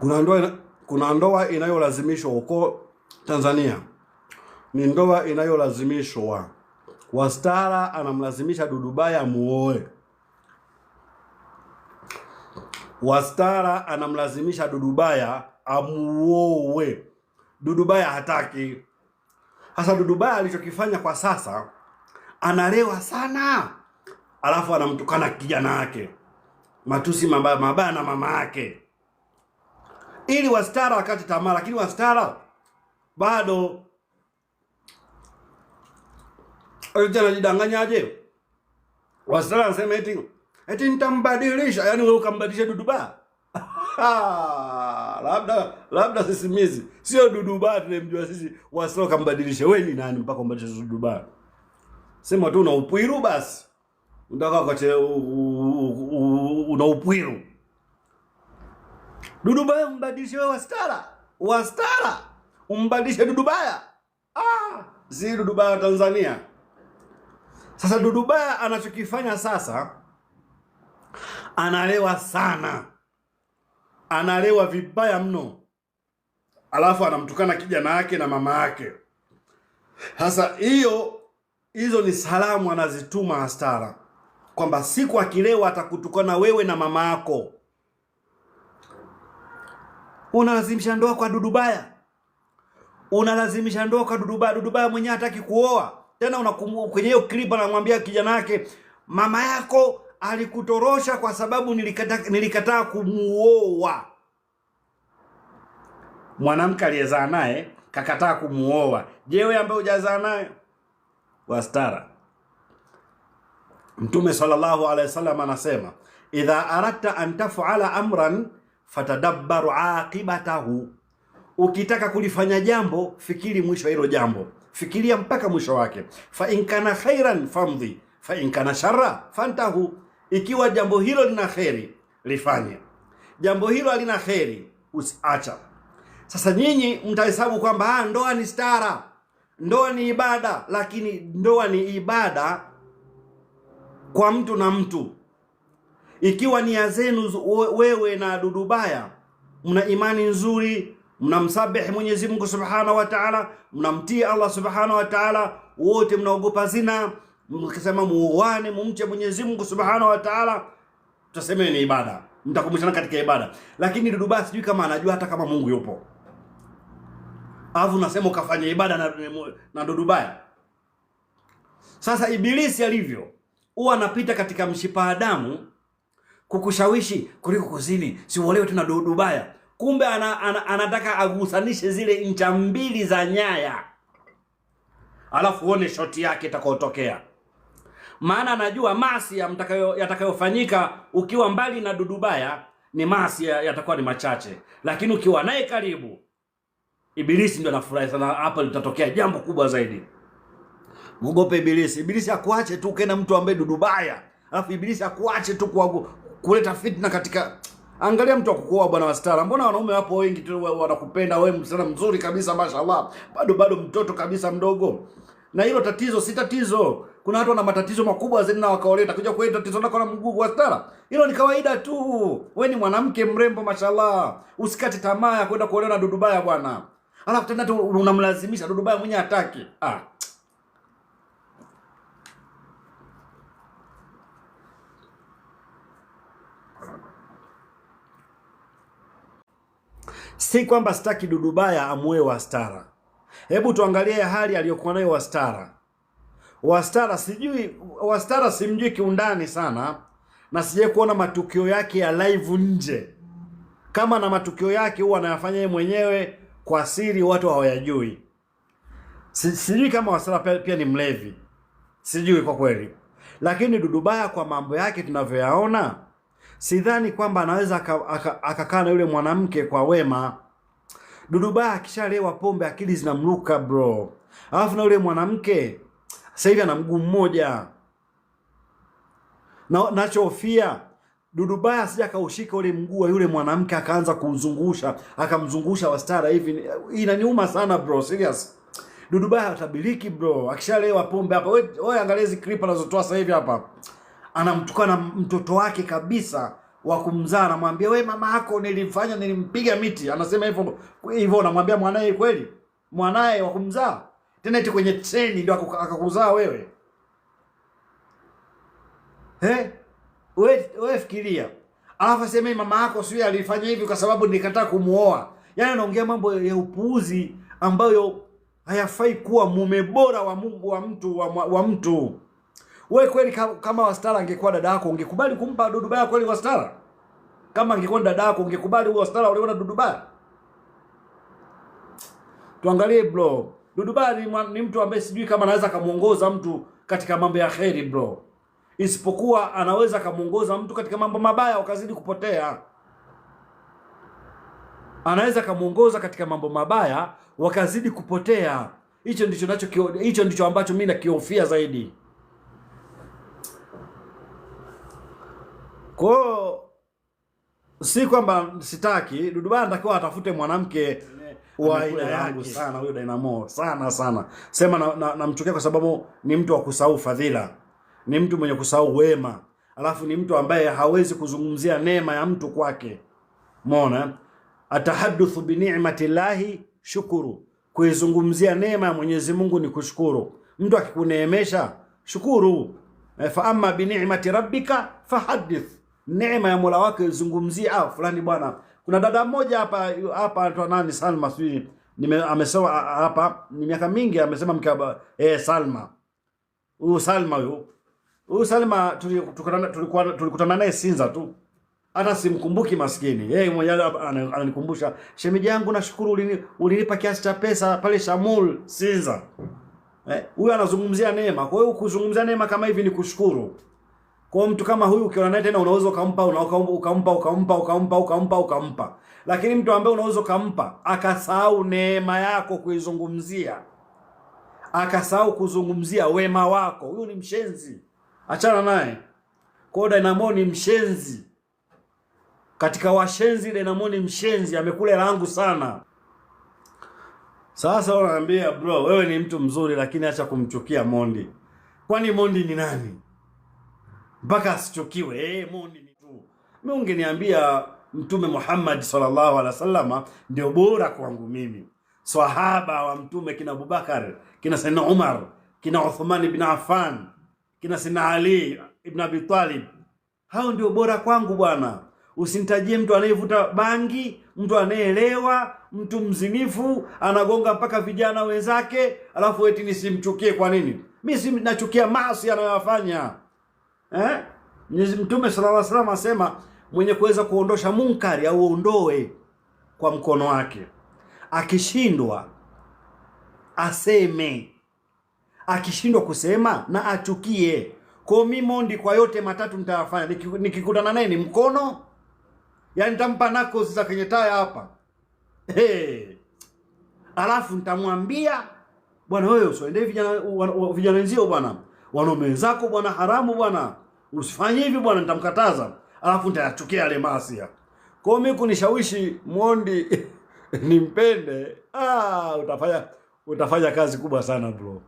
Kuna ndoa, kuna ndoa inayolazimishwa huko Tanzania, ni ndoa inayolazimishwa. Wastara anamlazimisha Dudubaya muoe. Wastara anamlazimisha Dudubaya amuowe. Dudubaya hataki. Sasa Dudubaya alichokifanya kwa sasa, analewa sana, alafu anamtukana kijana wake matusi mabaya mabaya na mama yake ili Wastara wakati tamaa, lakini Wastara bado anajidanganyaje? Wastara anasema eti eti nitambadilisha, yani wewe ukambadilisha Duduba labda labda sisimizi sio Duduba tunemjua sisi. Wastara ukambadilisha wewe ni nani mpaka umbadilishe Duduba? Sema tu una upwiru basi, unataka una upwiru Dudubaya umbadilishe wewe Wastara, Wastara umbadilishe Dudubaya. Ah, zii Dudubaya Tanzania. Sasa Dudubaya anachokifanya sasa, analewa sana, analewa vibaya mno, alafu anamtukana kijana yake na mama yake. Sasa hiyo hizo ni salamu anazituma astara kwamba siku akilewa atakutukana wewe na mama yako. Unalazimisha ndoa kwa dudubaya, unalazimisha ndoa kwa dudubaya. Dudubaya mwenyewe hataki kuoa tena. Unakumbuka kwenye hiyo clip anamwambia kijana wake, mama yako alikutorosha kwa sababu nilikata, nilikataa kumuoa. Mwanamke aliyezaa naye kakataa kumuoa. Je, wewe ambaye hujazaa naye wastara? Mtume sallallahu alaihi wasallam anasema idha aradta an tafala amran fatadabbaru aqibatahu, ukitaka kulifanya jambo fikiri mwisho hilo jambo, fikiria mpaka mwisho wake. Fa in kana khairan famdhi fa in kana sharra fantahu, ikiwa jambo hilo lina kheri lifanye, jambo hilo halina kheri usiacha. Sasa nyinyi mtahesabu kwamba ah, ndoa ni stara, ndoa ni ibada, lakini ndoa ni ibada kwa mtu na mtu ikiwa nia zenu wewe na Dudubaya mna imani nzuri, mnamsabihi Mwenyezi Mungu Subhanahu wa Ta'ala, mnamtii Allah Subhanahu wa Ta'ala, wote mnaogopa zina, mkisema muuane, mumche Mwenyezi Mungu Subhanahu wa Ta'ala, tutasema ni ibada, mtakumbushana katika ibada. Lakini Dudubaya sijui kama anajua hata kama Mungu yupo, alafu nasema ukafanya ibada na, na Dudubaya. Sasa Ibilisi alivyo huwa anapita katika mshipa damu kukushawishi kuliko kuzini. Si uolewe tu dudu baya. Kumbe ana, ana, anataka agusanishe zile ncha mbili za nyaya, alafu uone shoti yake itakayotokea, maana anajua masi yatakayofanyika ukiwa mbali na dudu baya ni masi yatakuwa ni machache, lakini ukiwa naye karibu, Ibilisi ndio anafurahi sana. Hapa litatokea jambo kubwa zaidi. Muogope Ibilisi. Ibilisi akuache tu, kena mtu ambaye dudu baya, alafu Ibilisi akuache tu kuleta fitna katika Angalia mtu akukoa bwana Wastara, mbona wanaume wapo wengi tu wanakupenda wewe, msichana mzuri kabisa, mashallah, bado bado mtoto kabisa mdogo. Na hilo tatizo si tatizo. Kuna watu wana matatizo makubwa zaidi na wakaoleta kuja kwa tatizo lako na mguu Wastara. Hilo ni kawaida tu. Wewe ni mwanamke mrembo, mashallah, usikate tamaa ya kwenda kuolewa na dudubaya bwana. Alafu tena unamlazimisha dudubaya mwenye hataki. Ah. Si kwamba sitaki Dudubaya amue Wastara. Hebu tuangalie hali aliyokuwa nayo Wastara. Wastara sijui, Wastara simjui kiundani sana, na sijai kuona matukio yake ya live nje. Kama na matukio yake huwa anayafanya yeye mwenyewe kwa siri, watu hawayajui. Sijui kama Wastara pia, pia ni mlevi, sijui kwa kweli, lakini Dudubaya kwa mambo yake tunavyoyaona sidhani kwamba anaweza akakaa aka, na yule mwanamke kwa wema. Dudubaya akishalewa pombe akili zinamruka bro, alafu na yule mwanamke sasa hivi ana mguu mmoja na nachofia Dudubaya asija akaushika ule mguu wa yule mwanamke akaanza kumzungusha akamzungusha wastara hivi, inaniuma sana bro, serious. Dudubaya atabiliki bro, akishalewa pombe hapa. Wewe angalia hizi clip anazotoa sasa hivi hapa anamtukana mtoto wake kabisa wa kumzaa, anamwambia we, mama yako nilimfanya, nilimpiga miti. Anasema hivyo hivyo, anamwambia mwanaye, kweli mwanaye wa kumzaa tena, eti kwenye treni ndio akakuzaa wewe He? We, we fikiria, alafu aseme mama yako sio alifanya hivi kwa sababu nilikataa kumuoa. Yaani anaongea mambo ya upuuzi ambayo hayafai kuwa mume bora wa Mungu wa mtu wa, wa mtu We kweli kama Wastara angekuwa dada yako ungekubali kumpa Dudubaya kweli Wastara? Kama angekuwa dada yako ungekubali huyo Wastara uliona Dudubaya? Tuangalie bro. Dudubaya ni, ni mtu ambaye sijui kama anaweza kumuongoza mtu katika mambo ya kheri bro. Isipokuwa anaweza kumuongoza mtu katika mambo mabaya ukazidi kupotea. Anaweza kumuongoza katika mambo mabaya wakazidi kupotea. Hicho ndicho nacho hicho ndicho ambacho mimi nakihofia zaidi. Kwa hiyo si kwamba sitaki dudubaya natakiwa atafute mwanamke wa aina yangu sana, huyo Dynamo sana sana, sema namchukia na, na kwa sababu ni mtu wa kusahau fadhila, ni mtu mwenye kusahau wema, alafu ni mtu ambaye hawezi kuzungumzia neema ya mtu kwake. Umeona, atahaddathu bi ni'mati llahi shukuru, kuizungumzia neema ya Mwenyezi Mungu ni kushukuru. Mtu akikuneemesha shukuru, eh, fa amma bi ni'mati rabbika fahaddith neema ya Mola wake zungumzie ah fulani bwana. Kuna dada mmoja hapa hapa anaitwa nani Salma sijui nime amesema hapa ni miaka mingi amesema mkaba eh Salma. Huyu Salma huyu. Huyu Salma tulikutana tulikutana naye Sinza tu. Hata simkumbuki maskini. Yeye mwenyewe ananikumbusha, shemeji yangu nashukuru ulini, ulinipa kiasi cha pesa pale Shamul Sinza. Eh, huyu anazungumzia neema. Kwa hiyo kuzungumzia neema kama hivi ni kushukuru. Kwa mtu kama huyu ukiona naye tena unaweza ukampa ukampa ukampa ukampa ukampa ukampa ukampa, lakini mtu ambaye unaweza ukampa akasahau neema yako kuizungumzia, akasahau kuzungumzia wema wako, huyu ni mshenzi, achana naye. Kwa Dynamo ni mshenzi, katika washenzi Dynamo ni mshenzi, amekula langu sana. Sasa unaambia bro, wewe ni mtu mzuri, lakini acha kumchukia Mondi. Kwani Mondi ni nani? mpaka asichukiwe hey, eh, ni tu. Mimi ungeniambia Mtume Muhammad sallallahu alaihi wasallama ndio bora kwangu mimi. sahaba wa Mtume kina Abubakar, kina Sayyidina Umar, kina Uthman ibn Affan, kina Sayyidina Ali ibn Abi Talib, hao ndio bora kwangu bwana. Usinitajie mtu anayevuta bangi, mtu anayeelewa, mtu mzinifu, anagonga mpaka vijana wenzake, alafu eti nisimchukie. Kwa nini? Mimi si nachukia maasi anayofanya eh? Mwenyezi Mtume sallallahu alaihi wasallam asema mwenye kuweza kuondosha munkari au uondoe kwa mkono wake, akishindwa aseme, akishindwa kusema na achukie. Kwa mimi Mondi, kwa yote matatu nitayafanya nikikutana naye ni mkono, yaani nitampa nako za kwenye taya hapa hey. Alafu nitamwambia bwana, wewe usiende vijana vijana wenzio bwana wanaume wenzako bwana, haramu bwana, usifanye hivi bwana, nitamkataza alafu nitayachukia yale maasi. Kwa hiyo mimi kunishawishi Mondi nimpende, ah, utafanya utafanya kazi kubwa sana bro.